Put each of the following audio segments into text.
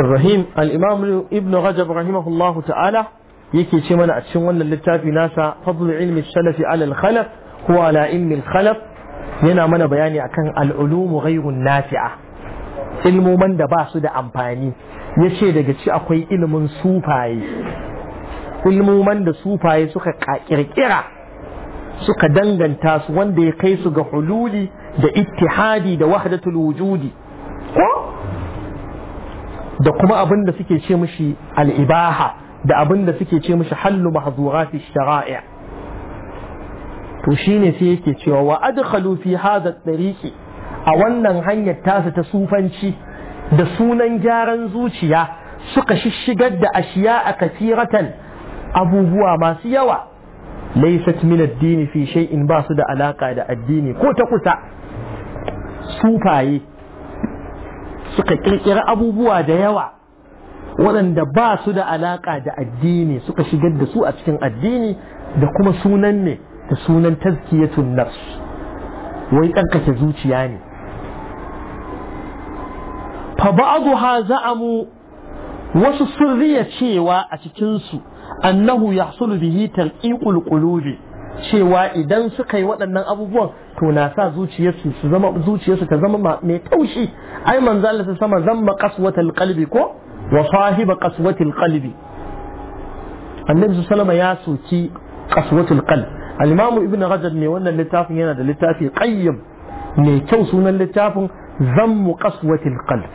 Ibrahim الرحيم الإمام ابن رجب ta'ala yake ce mana a cikin للتافي ناسا nasa, علم السلف على الخلف khalaf, على علم khalaf. yana mana bayani akan al'ulumu ghairun nafi'a ilmoman da ba su da amfani ya ce daga ci akwai ilmin sufaye ilmoman da sufaye suka kirkira suka danganta su wanda ya kai su ga hululi da ittihadi da wahdatul wujudi ko da kuma abin da suke ce mishi al'ibaha da abin da suke ce mishi hallu mahzurati shara'i to shine sai yake cewa wa adkhalu fi hadha tariqi a wannan hanyar tasa ta sufanci da sunan gyaran zuciya suka shishigar da ashiya a kafiratan abubuwa masu yawa laysat min ad-din fi shay'in ba su da alaka da addini ko ta kusa sufaye suka kirkira abubuwa da yawa waɗanda ba su da alaƙa da addini suka shigar da su a cikin addini da kuma sunan ne da sunan tazkiyatun nafs wai tsarkake zuciya ne fa ba'dha za'amu wasu sun cewa a cikinsu annahu yahsulu bihi tarqiqul qulubi cewa idan suka yi waɗannan abubuwan to na sa zuciyarsu su zama zuciyarsu ta zama mai taushi ai manzo Allah sama zamma qaswatal qalbi ko wa sahiba qaswatil qalbi annabi sallama ya soki qaswatul qalb al ibn rajab ne wannan littafin yana da littafi qayyim mai kyau sunan littafin zammu qaswatil qalb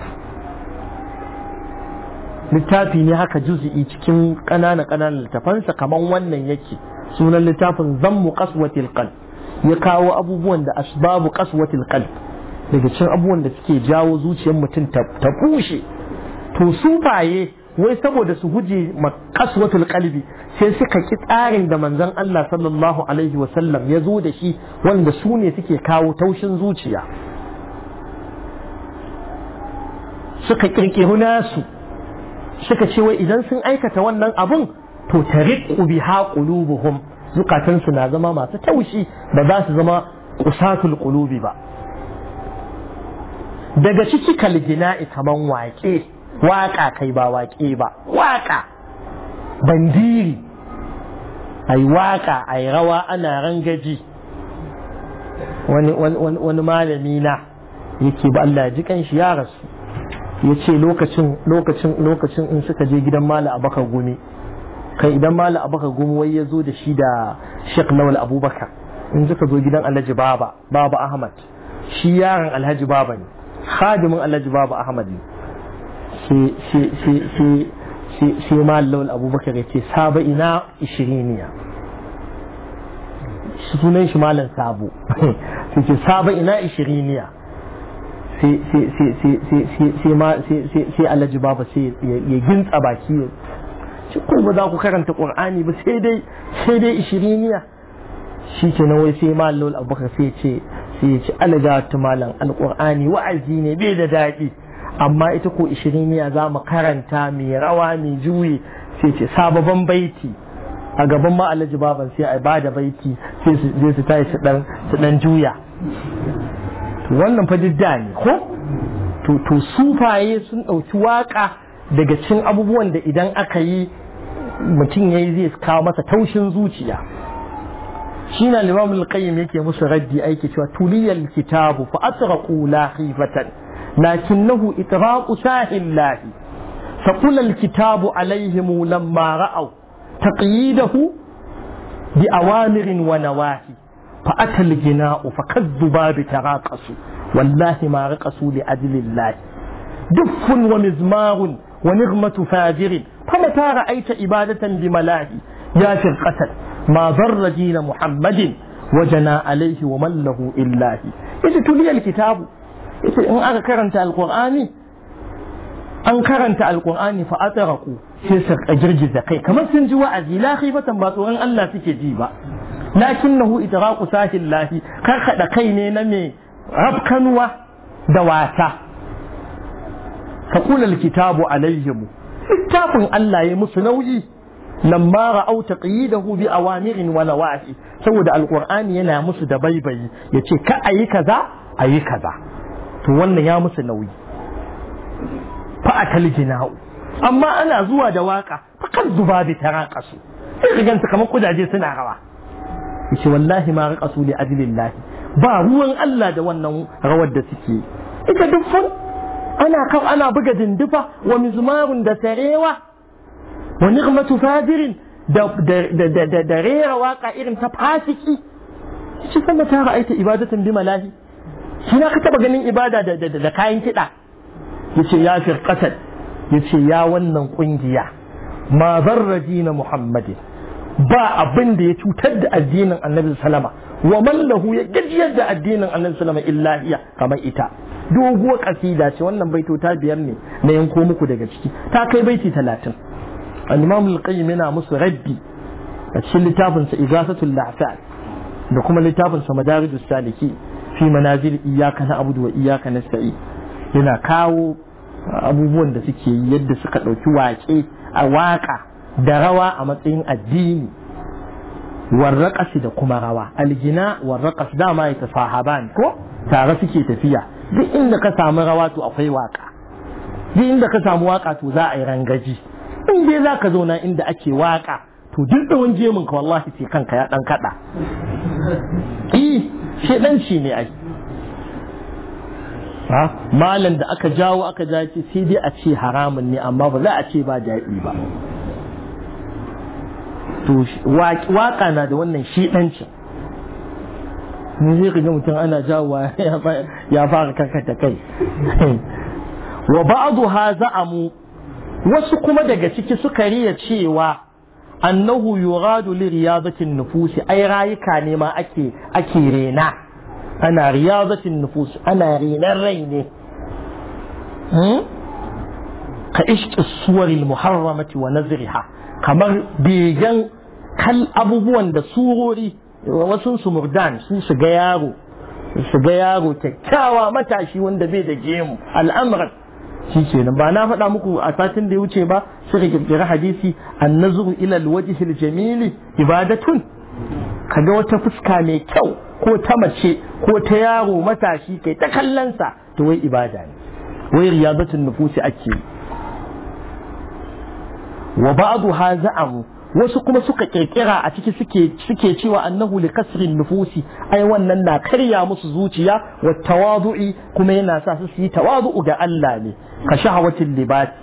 littafi ne haka juzi'i cikin ƙanana ƙananan littafansa kamar wannan yake sunan littafin zammu qaswatil qalb ya kawo abubuwan da asbabu qaswatil qalb daga cikin abubuwan da suke jawo zuciyar mutum ta bushe to sufaye wai saboda su guje ma qaswatul qalbi sai suka ki tsarin da manzon Allah sallallahu alaihi wa sallam ya zo da shi wanda su ne suke kawo taushin zuciya suka kirkiru nasu suka ce wai idan sun aikata wannan abun to tariqu biha qulubuhum zukatansu na zama masu taushi ba za su zama qusatul ƙulubi ba daga ciki kalgina kaman waƙe waƙa kai ba waƙe ba waƙa bandiri ai waƙa ai rawa ana rangaji wani malami na yake ba Allah ji kan shi ya rasu ya ce lokacin lokacin lokacin in suka je gidan mala bakar gumi kai idan malam abaka gumuwai ya zo da shi da sheikh lawal abubakar in ka zo gidan alhaji baba baba ahmad shi yaron alhaji baba ne khadimin alhaji baba ahmad ne sai malam lawal abubakar ya ce saba ina ishiriniya sunan shi malam sabo sai ce saba ina ishiriniya sai alhaji baba sai ya gintsa baki shi ko ba za ku karanta qur'ani ba sai dai sai dai ishiriniya shi ke nan wai sai malol abubakar sai ce sai ce alaga malam alqur'ani wa'azi ne bai da daɗi amma ita ko ishiriniya za mu karanta mai rawa mai juyi sai ce sababan baiti a gaban ma alhaji baban sai a ba da baiti sai su je su tashi su dan juya wannan fa didda ne ko to sufaye sun ɗauki waƙa. daga cin abubuwan da idan aka yi mutum ya yi zai kawo masa taushin zuciya shi na limam al yake musu raddi aiki cewa tuliyar kitabu fa atraqu lahifatan lakinnahu itraqu sahil lahi فقل الكتاب عليهم لما رأوا تقييده بأوامر ونواهي فأتى الجناء فكذبا بتراقصوا والله ما رقصوا لأجل الله wani zmarun ونغمة فاجر فمتى رأيت إبادة بملاهي يا شرقة ما ضر دين محمد وجنا عليه ومن له إلا إذا تلي الكتاب إذا إن أكرنت القرآن أن كرنت القرآن فأترقوا شسر أجرج الزقي كما سنجوا لا خيفة باطورا ألا في جيبا لكنه إتراق ساه الله كرخ دقيني نمي ربكنوا دواتا ka kula alkitabu alayhim littafin Allah ya musu nauyi nan ma ra'au taqidahu bi awamirin wa nawahi saboda alqur'ani yana musu da baibayi yace ka ayi kaza ayi kaza to wannan ya musu nauyi fa akal jina'u amma ana zuwa da waka kan zuba bi taraqasu sai ka ganta kamar kudaje suna rawa yace wallahi ma raqasu li ajlillahi ba ruwan Allah da wannan rawar da suke ita duk ana kaf ana buga dindufa wa mizmarun da sarewa wa ni'matu fadirin da da rera waka irin ta fasiki shi kuma ta ra'aita ibadatan bi malahi shi ka taba ganin ibada da kayan kiɗa yace ya firqatan yace ya wannan kungiya ma zarra dina muhammadin ba abin da ya cutar da addinin annabi sallama wa mallahu ya gajiyar da addinin annabi sallama illa kamar ita doguwa kasida ce wannan baito ta biyar ne na yanko muku daga ciki ta kai baiti talatin al-imam al-qayyim yana musu rabbi a cikin littafin sa izasatul la'sal da kuma littafin sa madarijus saliki fi manazil iyyaka na abudu wa iyyaka nasta'in yana kawo abubuwan da suke yi yadda suka dauki waƙe a waƙa da rawa a matsayin addini warraƙas da kuma rawa aljina warraƙas dama ya tasahaban ko tare suke tafiya duk inda ka samu rawa to akwai waka duk inda ka samu waka to za a yi rangaji in dai za ka zauna inda ake waka to duk wani jemin ka wallahi sai kanka ya ɗan kaɗa shi ne ai malam da aka jawo aka jace sai dai a ce haramun ne amma ba za a ce ba daɗi ba to waka na da wannan shiɗancin ne zai kaga mutum ana jawowa ya fara karkata kai wa ba'adu ha za'amu wasu kuma daga ciki suka riya cewa annahu yuradu li riyadatin nufusi ai rayuka ne ma ake ake rena ana riyadatin nufusi ana renan rai ne hmm? ka ishqi suwaril muharramati wa nazriha kamar begen Kar abubuwan da surori wasu su murdan su su ga yaro su ga yaro kyakkyawa matashi wanda bai da gemu al'amran shi kenan ba na faɗa muku a satin da ya wuce ba suka kirkiri hadisi annazuru ila alwajhi jamili ibadatun kaga wata fuska mai kyau ko ta mace ko ta yaro matashi kai ta kallansa to wai ibada ne wai riyadatun nufusi ake wa ba'du ha za'amu wasu kuma suka kirkira a ciki suke suke cewa annahu li kasrin nufusi ai wannan na karya musu zuciya wa tawadu'i kuma yana sa su yi tawadu'u ga Allah ne ka shahawatin libati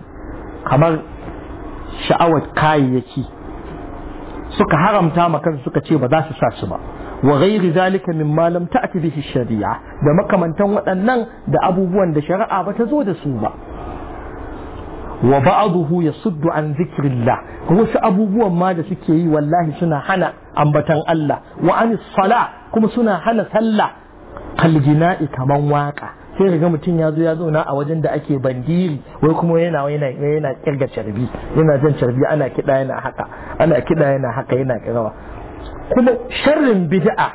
kamar sha'awar kayayyaki suka haramta ma kansu suka ce ba za su sa su ba wa ghairi zalika mimma lam ta'ti bihi shari'a da makamantan waɗannan da abubuwan da shari'a ba ta zo da su ba wa ba'dahu yasuddu an zikrillah wasu abubuwan ma da suke yi wallahi suna hana ambatan Allah wa an sala kuma suna hana sallah kalgina'i kaman waka sai ga mutum ya zo ya na a wajen da ake bandiri wai kuma yana yana yana kirga carbi yana jan carbi ana kida yana haka ana kida yana haka yana kirawa kuma sharrin bid'a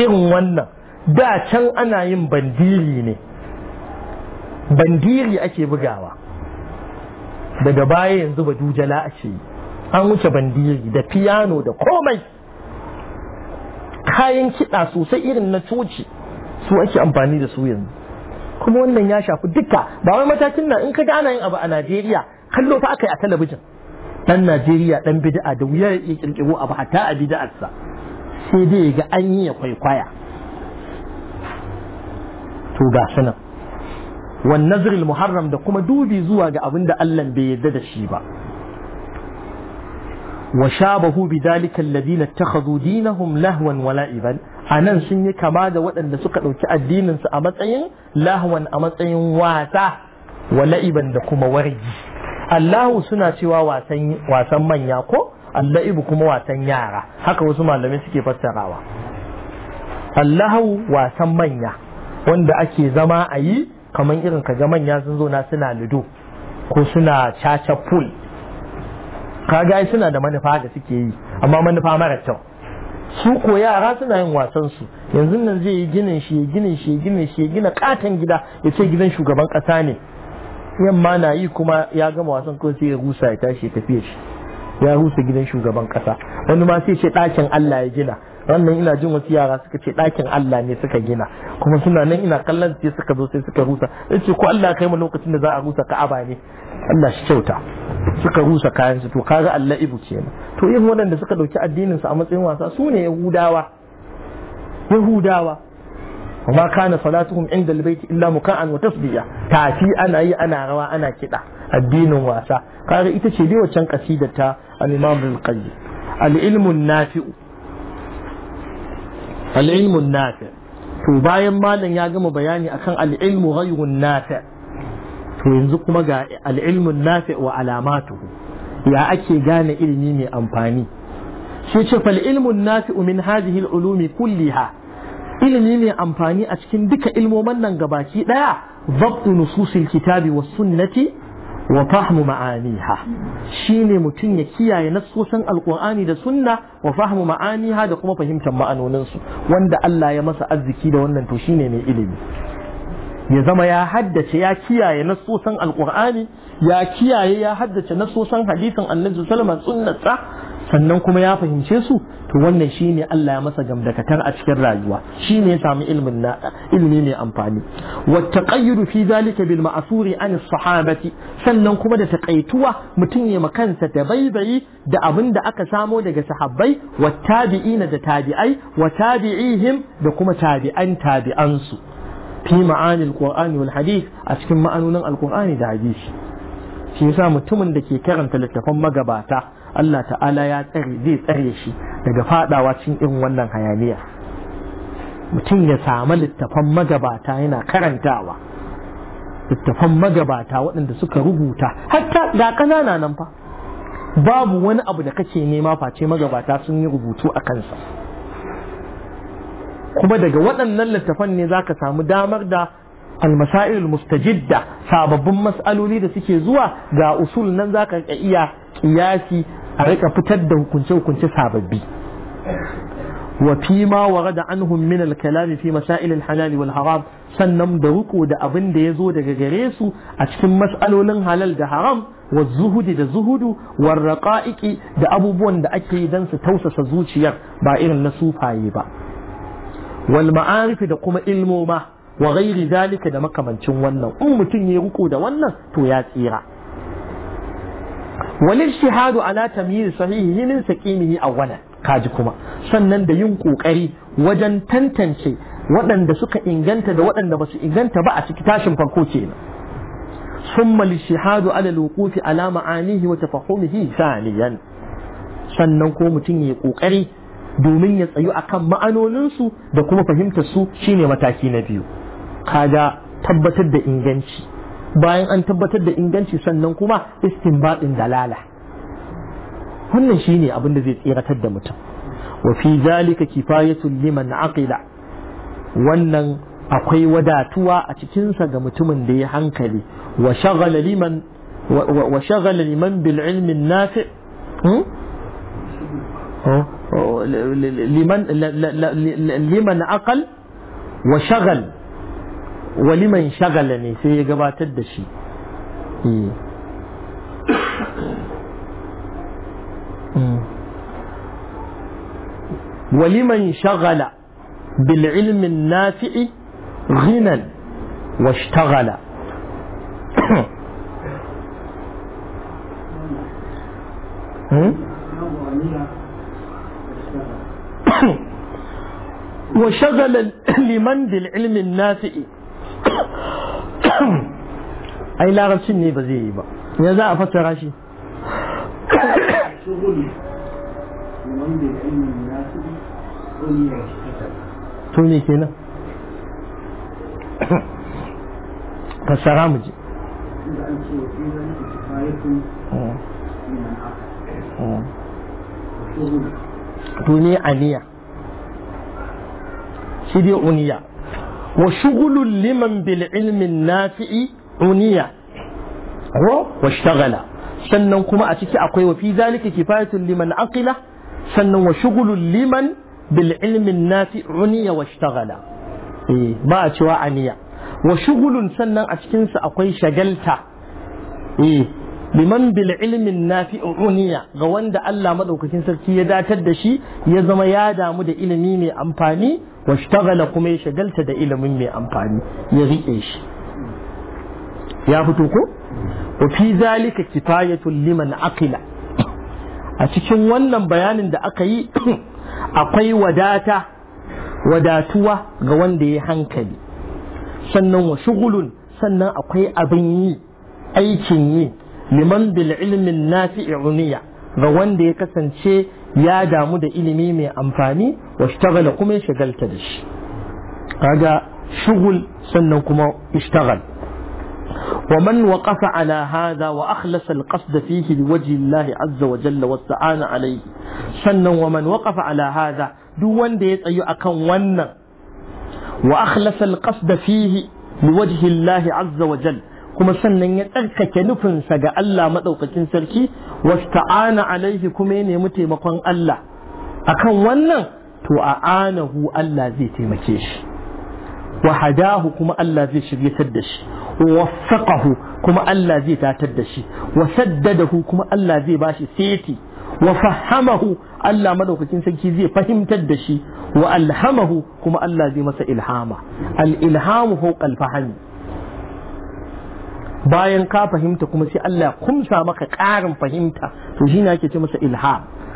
irin wannan da can ana yin bandiri ne bandiri ake bugawa daga baya yanzu ba dujala a ce an wuce bandiri da piano da komai kayan kiɗa sosai irin na coci su ake amfani da su yanzu kuma wannan ya shafi duka ba wai matakin nan in ka ga ana yin abu a Najeriya kallo fa aka yi a talabijin dan Najeriya dan bid'a da wuya ya kirkiro abu hatta a bid'arsa sai dai ga an yi ya kwaikwaya to ga sunan wan nazr al muharram da kuma dubi zuwa ga abinda Allah bai yarda da shi ba wa shabahu bidhalika alladhina ittakhadhu dinahum lahwan wa la'iban anan sun yi kama da waɗanda suka ɗauki addinin su a matsayin lahwan a matsayin wasa wa la'iban da kuma wargi Allahu suna cewa wasan wasan manya ko ibu kuma wasan yara haka wasu malamai suke fassarawa Allahu wasan manya wanda ake zama a yi kamar irin ka gaman manya sun zo na suna ludo ko suna caca pool kaga suna da manufa da suke yi amma manufa mara kyau su ko yara suna yin wasan su yanzu nan zai yi ginin shi ginin shi ginin shi gina katon gida ya ce gidan shugaban kasa ne yamma na yi kuma ya gama wasan ko sai ya rusa ya tashi ya tafiye shi ya rusa gidan shugaban kasa wani ma sai ce ɗakin Allah ya gina wannan ina jin wasu yara suka ce ɗakin Allah ne suka gina kuma suna nan ina kallon sai suka zo sai suka rusa ce ko Allah kai mu lokacin da za a rusa Ka'aba ne Allah shi kyauta suka rusa kayan su to kaga Allah ibu kenan to yin waɗanda suka dauki addinin su a matsayin wasa su ne Yahudawa Yahudawa illa muka'an wa عند tafi ana yi ana rawa ana أي addinin wasa kaga ita ce dai wancan إتشي ta al-Imam al-Qayyim al-ilmun Nafi'u. al'ilmun nafi to bayan malam ya gama bayani akan al'ilmu ghayrun nafi to yanzu kuma ga al'ilmun nafi wa alamatuhu ya ake gane ilimi mai amfani shi ce fal ilmun nafi'u min hadhihi al-ulumi kulliha ilimi mai amfani a cikin duka ilmoman nan gabaki daya nususil kitabi wa sunnati wa fahmu ma'aniha shine mutum ya kiyaye nassosin alqur'ani da sunna wa fahmu ma'aniha da kuma fahimtar ma'anonin su wanda Allah ya masa arziki da wannan to shine mai ilimi ya zama ya haddace ya kiyaye nassosin alqur'ani ya kiyaye ya haddace nassosin hadisin annabi sallallahu alaihi wasallam sannan kuma ya fahimce su to wannan shine Allah ya masa gamdakatar a cikin rayuwa shine ya samu ilmin na ilmi mai amfani wa taqayyudu fi zalika bil ma'suri an sahabati sannan kuma da takaituwa mutum ya makansa da baibayi da abin da aka samo daga sahabbai wa tabi'ina da tabi'ai wa tabi'ihim da kuma tabi'an tabi'ansu fi ma'anil qur'ani wal hadith a cikin ma'anonin alqur'ani da hadisi shi yasa mutumin da ke karanta littafan magabata Allah ta'ala ya tsare zai tsare shi daga fadawa cikin irin wannan hayaniya mutum ya samu littafan magabata yana karantawa littafan magabata waɗanda suka rubuta hatta ga ƙanana nan fa babu wani abu da kake nema face magabata sun yi rubutu a kansa kuma daga waɗannan littafan ne za ka samu damar da almasail mustajidda sababbin mas'aloli da suke zuwa ga usul nan za ka iya kiyasi a rika fitar da hukunce-hukunce sababbi wa fi ma warada anhum min al-kalami fi masail al-halal wal haram sannan da ruko da abin da yazo daga gare su a cikin mas'alolin halal da haram wa zuhudi da zuhudu wa raqa'iqi da abubuwan da ake yi dan su tausasa zuciyar ba irin na sufaye ba wal ma'arif da kuma ilmoma wa ghairi zalika da makamancin wannan in mutum ya ruko da wannan to ya tsira wal ijtihadu ala tamyiz sahihi min saqimihi awwalan kaji kuma sannan da yin kokari wajen tantance waɗanda suka inganta da waɗanda ba su inganta ba a cikin tashin farko kenan summa lishihadu ala alwuqufi ala ma'anihi wa tafahumihi thaniyan sannan ko mutum ya kokari domin ya tsayu akan ma'anoninsu da kuma fahimtar su shine mataki na biyu kaga tabbatar da inganci bayan an tabbatar da inganci sannan kuma istinbaɗin dalala wannan shine abin da zai tsiratar da mutum wa fi zalika liman aqila wannan akwai wadatuwa a cikinsa ga mutumin da ya hankali wa shagala liman wa shagala liman bil ilmi nafi liman liman aqal wa shagal waliman shagala ne sai ya gabatar da shi waliman shagala bil ilmin nafi'i ghinan washtagala وشغل لمن بالعلم النافئ ai larabcin ne ba zai yi ba ya za a fassara shi to ne kenan fassara mu ji to ne aniya shi dai uniya وشغل لمن بالعلم النافع عنية واشتغل sannan kuma a ciki akwai wa fi zalika kifayatun liman aqila sannan wa shughulun liman bil ilmin nafi uniya wa ishtaghala eh ba a cewa aniya wa shughulun sannan a cikin sa akwai shagalta eh liman bil ilmin nafi uniya ga wanda Allah madaukakin sarki ya datar da shi ya zama ya damu da ilimi mai amfani wa shtagala kuma ya shagalta da ilimin mai amfani ya rike shi ya fito ko wa fi zalika kifayatul liman aqila a cikin wannan bayanin da aka yi akwai wadata wadatuwa ga wanda ya hankali sannan wa shugulun sannan akwai abin yi aikin yi liman bil ilmin nafi'i uniya ga wanda ya kasance ya damu da ilimi mai amfani wa ishtaghala kuma ya shagalta da shi kaga shugul sannan kuma ishtagal ومن وقف على هذا وأخلص القصد فيه لوجه الله عز وجل واستعان عليه سنن ومن وقف على هذا دون ديت أي أكن ون وأخلص القصد فيه لوجه الله عز وجل kuma sannan ya tsarkake nufinsa ga Allah maɗaukakin sarki wasta'ana alaihi kuma ya nemi taimakon Allah akan wannan to a anahu Allah zai taimake shi wa hadahu kuma Allah zai shiryatar da shi waffaqahu kuma Allah zai tatar da shi wa saddadahu kuma Allah zai bashi seti wa fahamahu Allah madaukakin sarki zai fahimtar da shi wa alhamahu kuma Allah zai masa ilhama al ilhamu fawqa al fahmi bayan ka fahimta kuma sai Allah kumsa maka ƙarin fahimta to shi ne ake ce masa ilha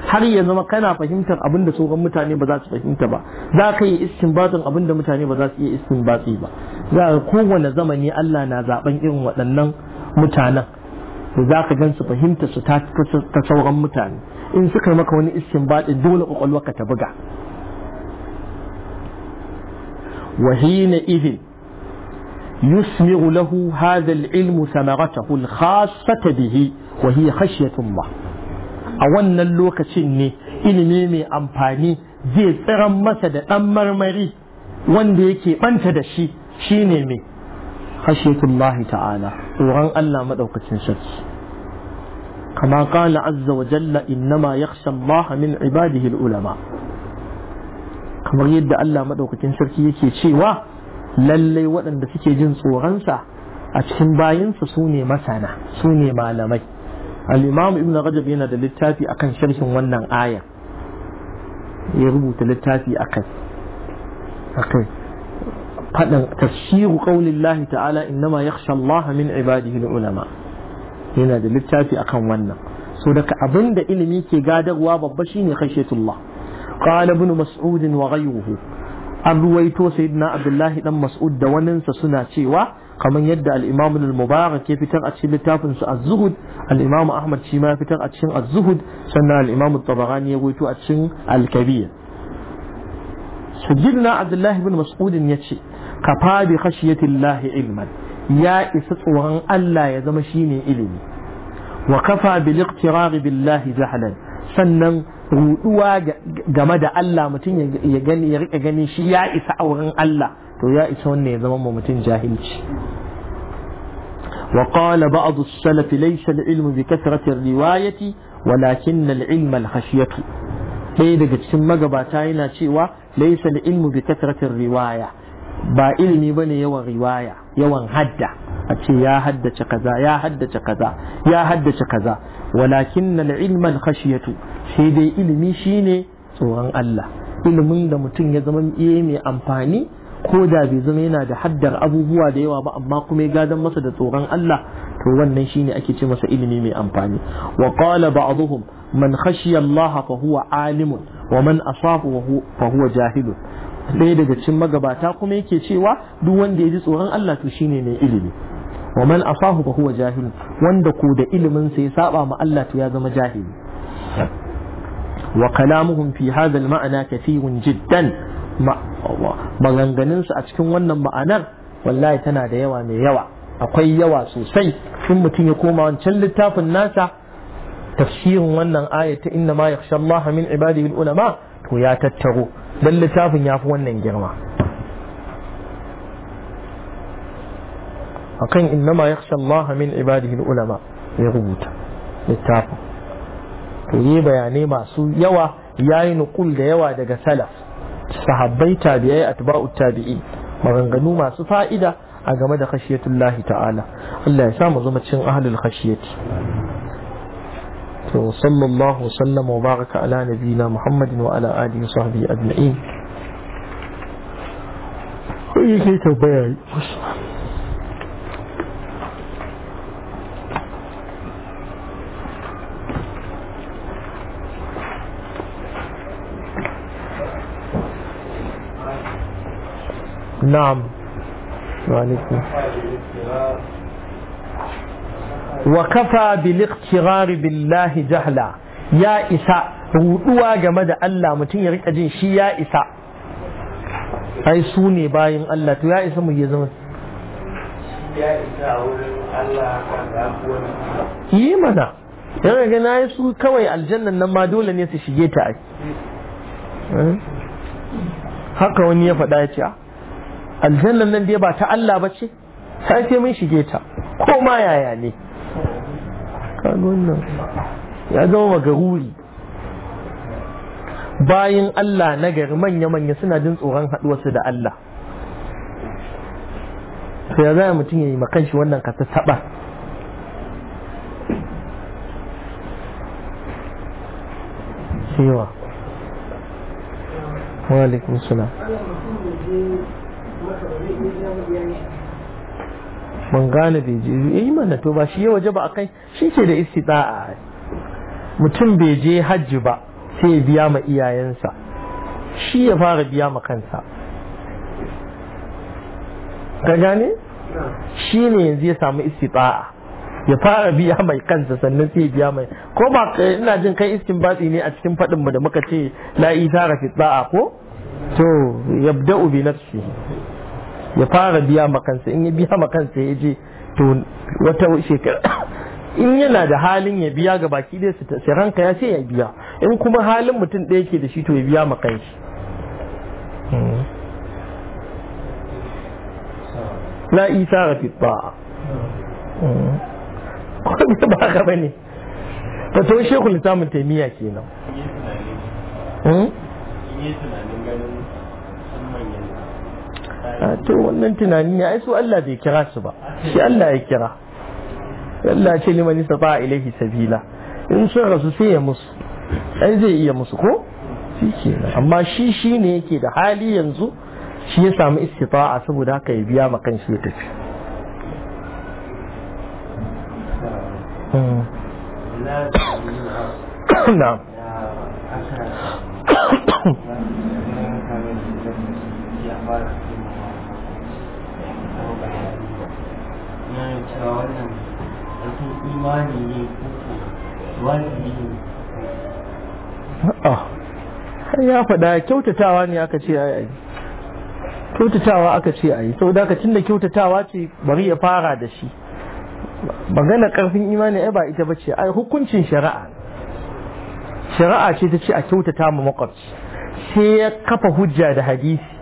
har ya zama kana fahimtar abin da sauran mutane ba za su fahimta ba za ka yi istinbatin abin da mutane ba za su iya istinbati ba za ka kowane zamani Allah na zaben irin waɗannan mutanen da za ka gan su fahimta su ta sauran mutane in suka yi maka wani batsi dole kwakwalwa ka ta buga wahina idin يسمع له هذا العلم ثمرته الخاصة به وهي خشية الله أولا اللوكة شني إلمي مي أمباني زي ترم مسد أمر مري وان ديكي أنت دشي شيني مي خشية الله تعالى وران الله مدوكة شنشت كما قال عز وجل إنما يخشى الله من عباده العلماء kamar yadda Allah madaukakin sarki yake cewa lallai waɗanda suke jin tsoronsa a cikin bayansa su ne masana su ne malamai al'imamu ibn rajab yana da littafi akan sharhin wannan aya ya rubuta littafi akai akai faɗin tafsiru ƙaunin lahi ta'ala innama ya Allah min ibadihi ulama yana da littafi akan wannan so daga abinda ilimi ke gadarwa babba shine khashiyatullah qala ibn mas'ud wa ghayruhu an ruwaito sayyidina abdullahi dan mas'ud da sa suna cewa kamar yadda al-imam al-mubarak ya fitar a cikin littafin sa az-zuhud al-imam ahmad shi ma fitar a cikin az-zuhud sannan al-imam at-tabarani ya ruwaito a cikin al-kabir sayyidina abdullahi ibn mas'ud ya ce kafa bi khashiyatillahi ilman ya isa tsoron Allah ya zama shine ilimi wa kafa bil iqtirar billahi jahlan sannan ruduwa game da Allah mutum ya gani ya rika ganin shi ya isa auren Allah to ya isa wannan ya zama mutum jahilci وقال بعض السلف ليس العلم بكثرة الرواية ولكن العلم الخشية ɗaya daga cikin magabata yana cewa laisa ilmu bi kasratir riwaya ba ilimi bane yawan riwaya yawan hadda a ce ya haddace kaza ya haddace kaza ya haddace kaza walakin na ilman khashiyatu sai dai ilimi shine tsoron Allah ilimin da mutum ya zama iya mai amfani ko da bai zama yana da haddar abubuwa da yawa ba amma kuma ya gadon masa da tsoron Allah to wannan shine ake ce masa ilimi mai amfani wa qala ba'dhum man khashiya Allah fa huwa alimun wa man asafu fa huwa jahilun ɗaya daga cikin magabata kuma yake cewa duk wanda ya ji tsoron Allah to shine mai ilimi wa man asahu fa huwa jahil wanda ko da ilimin ya saba ma Allah to ya zama jahili wa kalamuhum fi hadha al ma'ana kathirun jiddan maganganun su a cikin wannan ma'anar wallahi tana da yawa mai yawa akwai yawa sosai in mutum ya koma wancan littafin nasa tafsirin wannan aya ta inna ma yakhsha Allah min ibadihi al ulama to ya tattaro dan littafin yafi wannan girma akan innama yakhsha Allah min ibadihin ulama ya rubuta littafin to yi bayanai masu yawa yayi nuqul da yawa daga salaf sahabbai tabi'ai atba'u tabi'i maganganu masu fa'ida a game da khashiyatullahi ta'ala Allah ya sa mu zama cin ahlul khashiyati وصلى الله وسلم وبارك على نبينا محمد وعلى آله وصحبه أجمعين. ويجي تبايع. نعم وعليكم وكفى بالاقترار بالله جهلا يا إساء ruduwa game da Allah mutum ya rika jin shi ya isa ai su bayan Allah to ya isa mu ya zama ya isa wurin Allah kan yi mana yana ga nayi su kawai aljannan nan ma dole ne su shige ta eh? haka wani ya faɗa ya ce ah, aljannan nan dai ba ta Allah ba ce sai sai mun shige ta ko ma yaya ne ya zama magaruri bayan Allah na gari manya-manya suna jin tsoron haɗuwarsu da Allah to ya zama mutum ya yi makanshi wannan ka ta taɓa cewa wa alaikun mun gane bai je yi eh, mana to ba shi ya waje ba a kai shi ce da istita'a mutum bai je hajji ba sai ya biya ma iyayensa shi ya fara biya ma kansa ka gane shi ne yanzu ya samu istita'a ya fara biya mai kansa sannan sai ya biya mai ko ba ina jin kai iskin batsi ne a cikin faɗin da muka ce la isa rafi ko to yabda'u bi nafsihi ya fara biya makansa in ya biya makansa ya je to wata shekara in yana da halin ya biya ga baki dai su ranka ya ce ya biya in kuma halin mutum ɗaya ke da shi to ya biya makanshi na hmm. isa rafi hmm. ba ko ba ka bane ta to shekul samun taimiyya kenan hmm? to wannan tunani ne ai su Allah bai kira su ba shi Allah ya kira Allah ce liman istata ilaihi sabila in sun rasu sai ya musu ai zai iya musu ko shi amma shi shi ne yake da hali yanzu shi ya samu istita'a saboda haka ya biya ma shi ya tafi na'am na cewa wannan ƙarfin imani ne wajibi ne ya faɗa kyautatawa ne aka ce yi kyautatawa aka ce sau da aka tunda kyautatawa ce bari ya fara da shi magana ƙarfin imani 'ya' ba ita bace ai hukuncin shari'a shari'a ce ta ce a kyautata ma makwabci sai ya kafa hujja da hadisi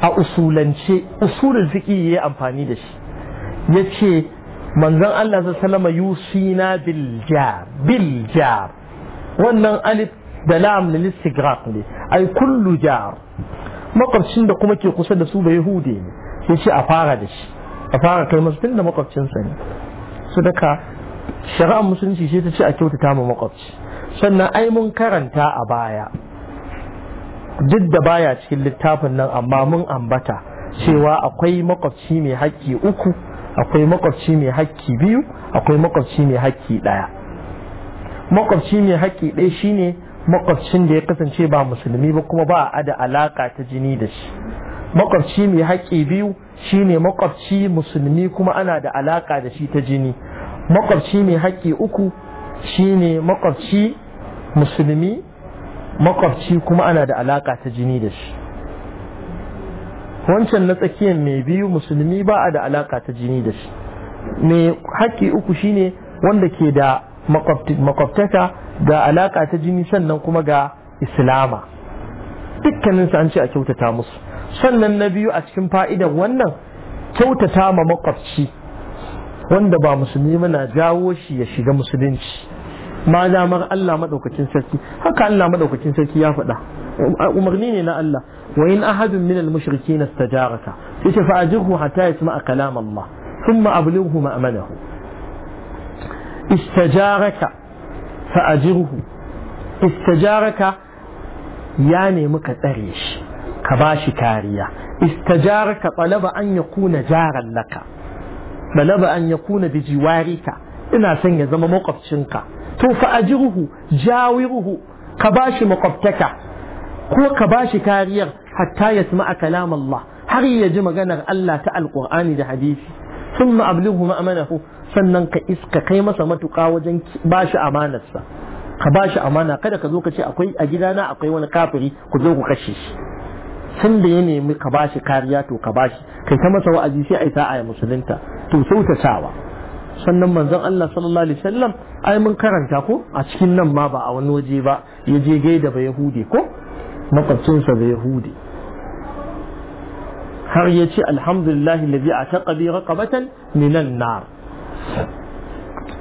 a usulance usulul ya yi amfani da shi ya ce manzan Allah sa salama yusina bil biljar. wannan alif da lam lil istigraq ne ai kullu jar makwabcin da kuma ke kusa da su ba yahude ne ya ce a fara da shi a fara kai masu tun da makwabcinsa ne su daga shari'ar musulunci shi ta ce a kyautata ma makwabci sannan ai mun karanta a baya duk da baya cikin littafin nan amma mun ambata cewa akwai makwabci mai haƙƙi uku akwai makwabci mai hakki biyu akwai makwabci mai hakki ɗaya makwabci mai hakki ɗaya shine makwabcin da ya kasance ba musulmi ba kuma ba a da alaka ta jini da shi makwabci mai hakki biyu shine makwabci musulmi kuma ana da alaka da shi ta jini makwabci mai hakki uku shine makwabci musulmi makwabci kuma ana da alaka ta jini da shi wancan na tsakiyar mai biyu musulmi ba a da alaka ta jini da shi mai haƙƙi uku shine wanda ke da makwabtaka da alaka ta jini sannan kuma ga islama dukkaninsu an ce a kyautata musu sannan na biyu a cikin fa'idan wannan kyautata ma makwabci wanda ba musulmi mana jawo shi ya shiga musulunci ma damar Allah maɗaukacin sarki haka Allah maɗaukacin sarki ya faɗa umarni ne na Allah وإن أحد من المشركين استجارك فأجره حتى يسمع كلام الله ثم أبلغه مأمنه استجارك فأجره استجارك يعني مكتريش كباش كارية استجارك طلب أن يكون جارا لك طلب أن يكون بجوارك إنا سنة زم موقف شنك تو فأجره جاوره كباش مقبتك هو كباش ba hatta yasma'a kalam Allah har ya ji maganar Allah ta Alƙur'ani da hadisi thumma ablighu ma'amanahu sannan ka iska kai masa matuƙa wajen bashi amanarsa ka bashi amana kada ka zo ka ce akwai a gidana akwai wani kafiri ku zo ku kashe shi san da ya nemi ka bashi kariya to ka ba shi. kai ta masa wa'azi sai ai sa'a ya musulunta to sawa. sannan manzon Allah sallallahu alaihi wasallam ai mun karanta ko a cikin nan ma ba a wani waje ba ya je gaida ba yahudi ko makwabcinsa ya yahudi har ya ce alhamdulillah lazi a taƙa bi raƙabatan minan nar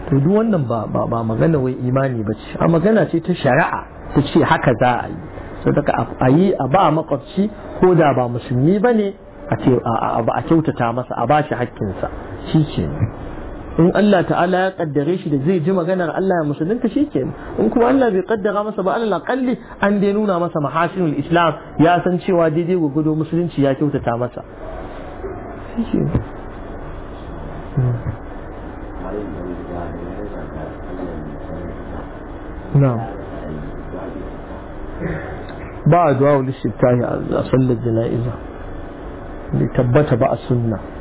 to duk wannan ba ba magana wai imani ba ce a magana ce ta shari'a ta ce haka za a yi sadaka a yi a ba makwabci ko da ba musulmi ba ne a kyautata masa a ba shi hakkinsa shi ke in Allah ta'ala ya kaddare shi da zai ji maganar Allah musulunta shi ke in kuma Allah bai kaddara masa ba Allah kalli an dai nuna masa mahashinul islam ya san cewa daidai gwagwado musulunci ya kyautata masa ba a duwa wani a sallar jana'iza bai tabbata ba a sunna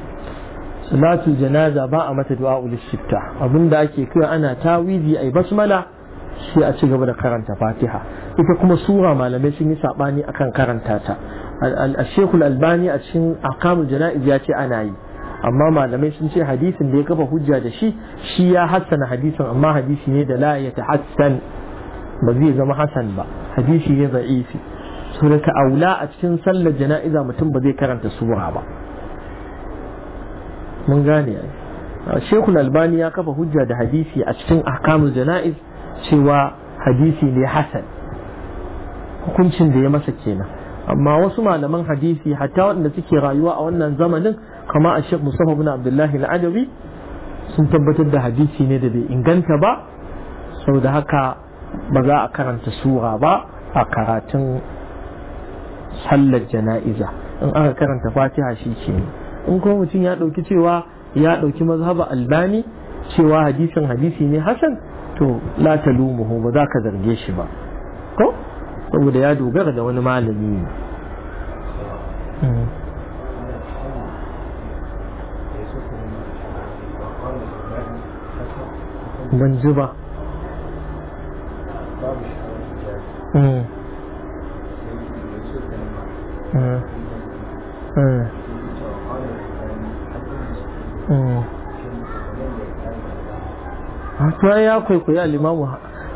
salatu janaza ba a mata du'a ulis shitta abinda ake kai ana tawizi ai basmala sai a ci gaba da karanta fatiha ita kuma sura malamai sun yi sabani akan karanta ta al-shekul albani a cikin akamul jana'iz ya ce ana yi amma malamai sun ce hadisin da ya kafa hujja da shi shi ya hassana hadisin amma hadisi ne da la ya tahassan ba zai zama hasan ba hadisi ne da'ifi so da aula a cikin sallar jana'iza mutum ba zai karanta sura ba mun gane shekul albani ya kafa hujja da hadisi a cikin ahkamu jana'iz cewa hadisi ne hasan hukuncin da ya masa kenan amma wasu malaman hadisi hatta waɗanda suke rayuwa a wannan zamanin kama a shek musafa bin abdullahi al'adawi sun tabbatar da hadisi ne da bai inganta ba sau da haka ba za a karanta sura ba a karatun sallar jana'iza in aka karanta fatiha shi ke in kuma mutum ya ɗauki cewa ya ɗauki mazhaba albani cewa hadisin hadisi ne hasan to la ba za ka zarge shi ba ko saboda ya dogara da wani malami ne hmm. ban ji ba Mm. Mm. to ya kwaikwayi al-imamu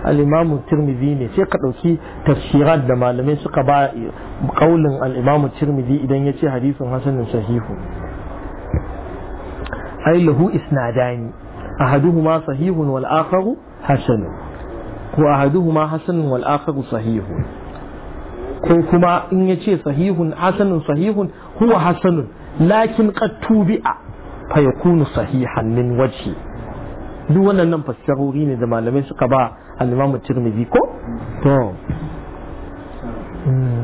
al tirmidhi ne sai ka dauki tafsirat da malamai suka ba kaulin al-imamu tirmidhi idan ce hadisin hasanin sahihu ai lahu isnadani ahaduhuma sahihun wal akharu hasan ko ahaduhuma hasanun wal akharu sahihu. ko kuma in yace sahihun hasanun sahihun huwa hasanun lakin qad tubi'a fa yakunu sahihan min wajhi duk nan fassarori ne da malamai suka ba al-Imam Tirmidhi ko to hmm.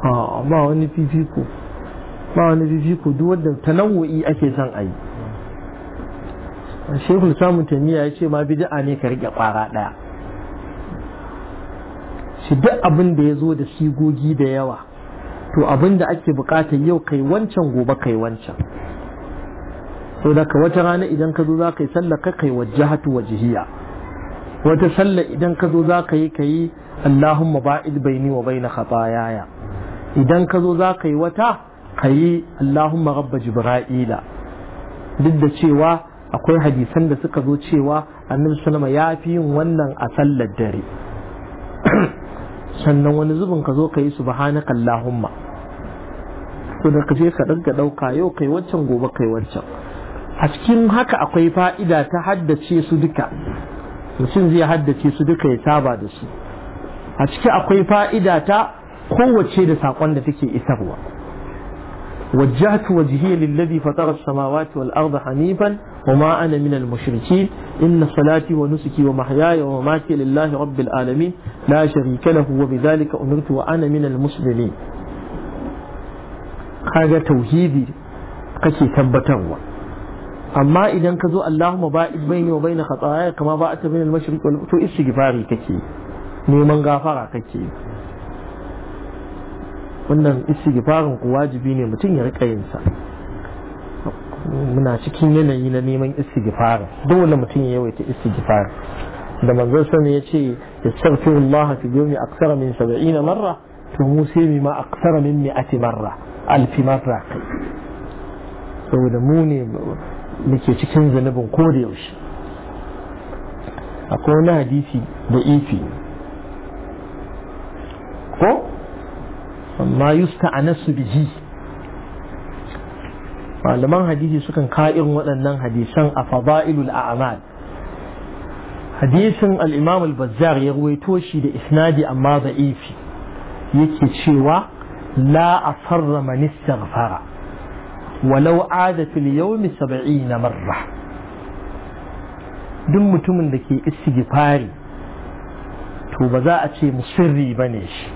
ah, ba wani fifiko ba wani fifiko duk wadda nau'o'i ake son a yi shekul samun tamiya ya ce ma bid'a ne ka rike kwara daya su duk abin da ya zo da sigogi da yawa to abin da ake bukata yau kai wancan gobe kai wancan sau daga wata rana idan ka zo za ka yi sallar ka kai wajahatu wajihiya wata sallar idan ka zo za ka yi ka yi allahumma ba'id baini wa baina khatayaya idan ka zo za ka yi wata ka yi allahumma rabba jibra'ila duk da cewa akwai hadisan da suka zo cewa annabi sallama ya fi yin wannan a sallar dare sannan wani zubin ka zo ka yi subhanaka allahumma to da ka je ka dinga dauka yau kai waccan gobe kai waccan a cikin haka akwai fa'ida ta haddace su duka mutum zai haddace su duka ya saba da su a ciki akwai fa'ida ta kowace da saƙon da take isarwa wajjahtu wajhiya lillazi fatara as-samawati wal arda hanifan وما أنا من المشركين إن صلاتي ونسكي ومحياي ومماتي لله رب العالمين لا شريك له وبذلك أمرت وأنا من المسلمين هذا توحيدي kake tabbatarwa amma idan ka zo Allahumma ba'id baini wa baina khataaya kama ba'ata baina al-mashriq wal to istighfari kake neman gafara kake wannan istighfarin ku wajibi ne mutum ya rika yin sa muna cikin yanayi na neman istighfar dole mutum ya yawaita istighfar da manzon sun ya ce astaghfirullah fi yawmi akthara min 70 marra to mu sai mi ma akthara min 100 marra alfi marra kai saboda mu ne muke cikin zanubin ko da yaushe akwai wani hadisi da ifi ko amma yusta anasu bihi malaman hadisi sukan kawo irin waɗannan hadisan a fada'ilul a'mal hadisin al-imam al-bazzar ya ruwaito shi da isnadi amma da'ifi yake cewa la asarra man istaghfara walau ada fil yawmi 70 marra duk mutumin da ke istighfari to ba za a ce musirri bane shi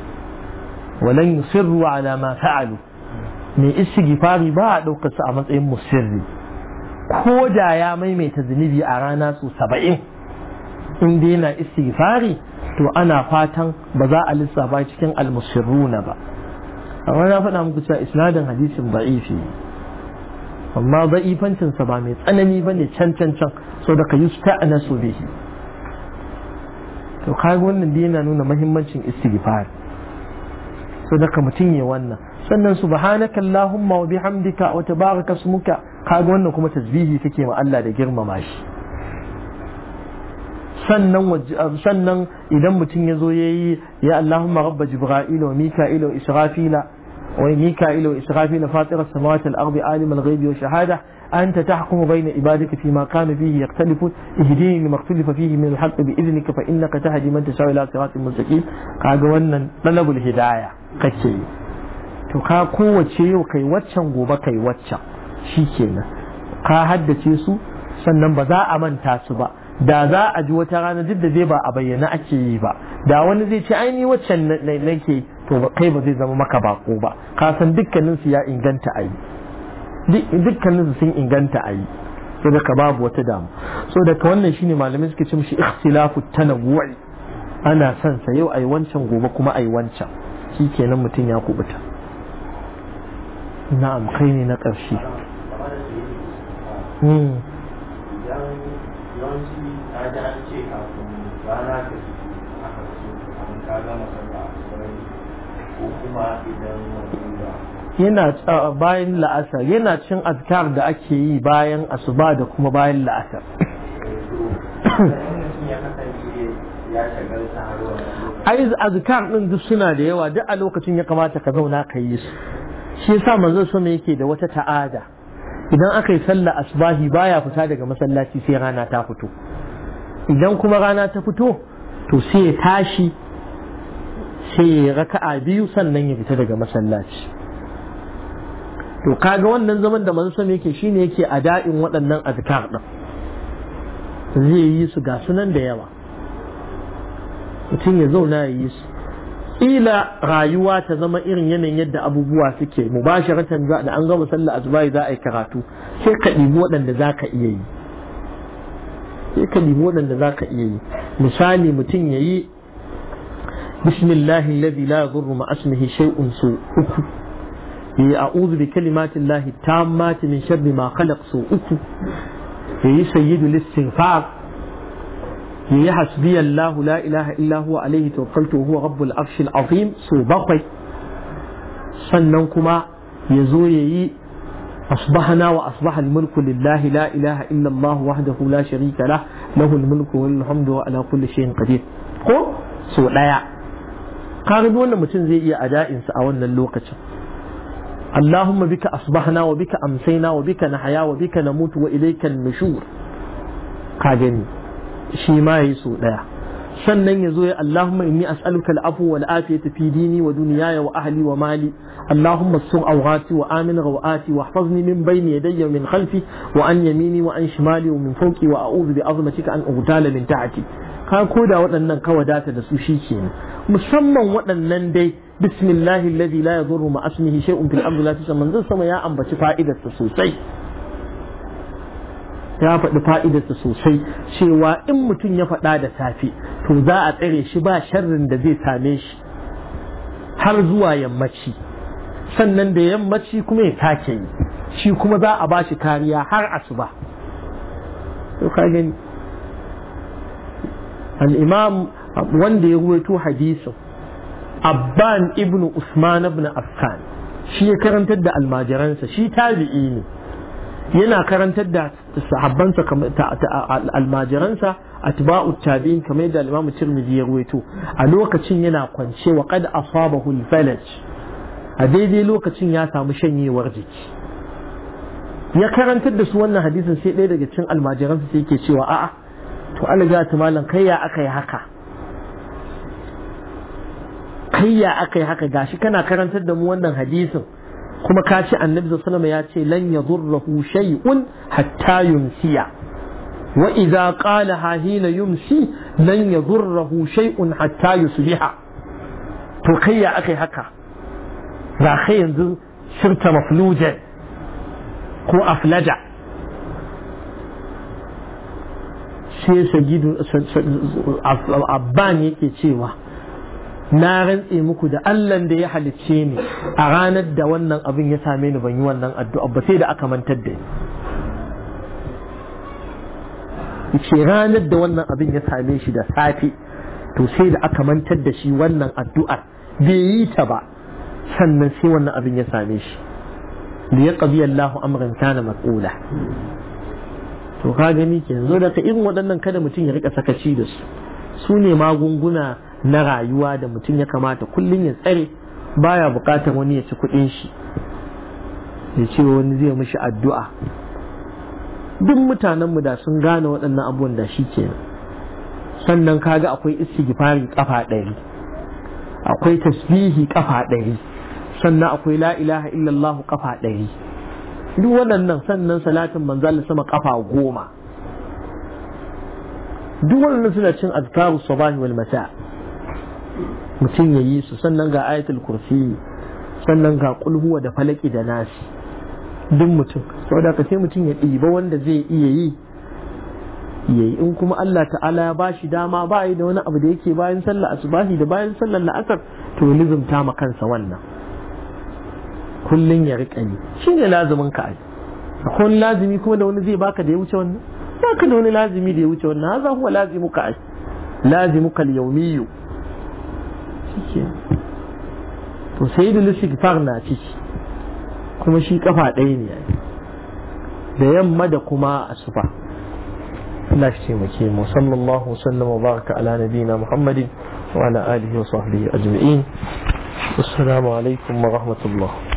walan yusirru ala ma fa'alu mai istighfari ba a ɗaukar su a matsayin musirri ko da ya maimaita zunubi a rana su saba'in in dai yana istighfari to ana fatan ba za a lissafa cikin almusirruna ba amma na faɗa muku cewa isnadin hadisin da'ifi amma da'ifancin sa ba mai tsanani ba ne can can can so da ka yusta anasu bihi to kai wannan dai yana nuna muhimmancin istighfari so da ka mutum ya wannan sannan subhanaka allahumma wa bihamdika wa tabaraka ismuka kaga wannan kuma tasbihi take ma Allah da girmama shi sannan sannan idan mutun yazo yayi ya allahumma rabba jibril wa mika'il wa israfila wa mika'il wa israfila fatir as-samawati wal-ardi alim al-ghaybi wa shahada anta tahkumu bayna ibadika أنت تحكم بين عبادك فيما كانوا فيه يختلفون اهديني لما اختلف فيه من الحق بإذنك فإنك تهدي من تشاء إلى صراط مستقيم قاعد ونن طلب الهداية قتشي to ka kowace yau kai waccan gobe kai waccan shi kenan ka haddace su sannan ba za a manta su ba da za a ji wata rana duk da zai ba a bayyana ake yi ba da wani zai ce aini waccan nake to kai ba zai zama maka bako ba ka san dukkanin su ya inganta a yi dukkanin su sun inganta a yi so daga babu wata damu so daga wannan shine malamai suke ce mishi ikhtilafu tanawwu'i ana son sa yau yi wancan gobe kuma yi wancan shikenan mutum ya kubuta na'am kai ne na ƙarshe hmm. yana bayan la'asar yana cin azkar da ake yi bayan asuba da kuma bayan la'asar yi azkar din duk suna da yawa duk a lokacin ya kamata ka zauna ka yi su shi yasa manzo sama yake da wata ta'ada idan aka yi sallah asbahi baya fita daga masallaci sai rana ta fito idan kuma rana ta fito to sai ya tashi sai ya raka'a biyu sannan ya fita daga masallaci to kaga wannan zaman da manzo sama yake shine yake a ada'in waɗannan azkar din zai yi su ga sunan da yawa mutum ya zauna ya yi su ila rayuwa ta zama irin yanayin yadda abubuwa suke mubasharatan za da an gama sallah azbai za a yi karatu sai ka ɗibi waɗanda za ka iya yi sai ka ɗibi waɗanda za ka iya yi misali mutum ya yi bismillahi alladhi la yadurru ma asmihi shay'un su uku yayi a'udhu bi kalimatillahi tammati min sharri ma khalaq su uku yayi sayyidul istighfar حسبي الله لا إله إلا هو عليه توكلت وهو رب العرش العظيم سو بقي سننكما يزوي أصبحنا وأصبح الملك لله لا إله إلا الله وحده لا شريك له له الملك والحمد وعلى كل شيء قدير ko so ɗaya kaga duk wanda mutum zai iya ada'insa a wannan lokacin Allahumma bika asbahna wa bika amsayna wa bika nahya wa bika namutu wa ilayka an-nushur ka gani shi ma yayi so daya sannan ya zo ya Allahumma inni as'aluka al'afu wal afiyata fi dini wa dunyaya wa ahli wa mali Allahumma sun awhati wa amin rawati wa hafizni min bayni yadayya min khalfi wa an yamini wa an shimali wa min fawqi wa a'udhu bi azmatika an ughtala min ta'ati ka koda waɗannan ka wadata da su shikenan musamman waɗannan dai bismillahi alladhi la yadhurru ma ismihi shay'un fil amri la tusamman zan sama ya ambaci fa'idarsa sosai ya faɗi fa'idarsa sosai cewa in mutum ya faɗa da safe to za a tsare shi ba sharrin da zai same shi har zuwa yammaci sannan da yammaci kuma ya take yi shi kuma za a ba shi kariya har asuba to al-imam wanda ya ruwaito hadisin Abban Ibnu Usman ibn Affan shi ya karantar da almajiransa shi tabi'i ne yana karantar da sahabbansa almajiransa tuba'u tabi'in kamar da al ya ruwaito a lokacin yana kwance wa qad asabahu al-falaj a daidai lokacin ya samu shanyewar jiki ya karantar da su wannan hadisin sai ɗaya daga cikin almajiransa sai yake cewa a'a to alga ta malam kai ya aka yi haka kai ya aka yi haka gashi kana karantar da mu wannan hadisin kuma ka ce annabi ya ce lan yadurruhu shay'un hatta yumsiya wa idza qala hahina yumsi lan yadurruhu shay'un hatta yusbiha to kai ya akai haka ga kai yanzu shirta mafluja ko aflaja sai sagidu abban yake cewa na rantse muku da Allah da ya halicce ni a ranar da wannan abin ya same ni ban yi wannan addu'a ba sai da aka mantar da ni ce ranar da wannan abin ya same shi da safe to sai da aka mantar da shi wannan addu'ar bai yi ta ba sannan sai wannan abin ya same shi da ya ƙabi Allahu amran kana maqula to ka gani ke yanzu daga irin waɗannan kada mutum ya rika sakaci da su su ne magunguna na rayuwa da mutum ya kamata kullum ya tsare baya bukatar wani ya ci kuɗin shi ya ce wani zai mishi addu'a duk mutanenmu da sun gane waɗannan abubuwan da shi ke sannan kaga akwai istighfari kafa ɗari akwai tasbihi kafa ɗari sannan akwai la ilaha illallah kafa ɗari duk waɗannan sannan salatin manzali sama kafa goma duk waɗannan suna cin azkaru sabahi wal mata' mutum ya yi su sannan ga ayatul kursi sannan ga kulhuwa da falaki da nasi duk mutum saboda ka sai mutum ya ɗiba wanda zai iya yi Ya yi in kuma Allah ta'ala ya bashi dama ba yi da wani abu da yake bayan sallah asubahi da bayan sallar la'asar to lizumta ma kansa wannan kullum ya riƙa yi ne lazumin ka ai akwai wani lazimi kuma da wani zai baka da ya wuce wannan baka da wani lazimi da ya wuce wannan haza huwa lazimuka ai lazimuka al-yawmiyyu shike to sai da istighfar na ciki kuma shi kafa ɗaya ne da yamma da kuma asuba Allah shi taimake mu sallallahu sallam wa baraka ala nabiyina Muhammadin wa ala alihi wa sahbihi ajma'in assalamu alaikum wa rahmatullah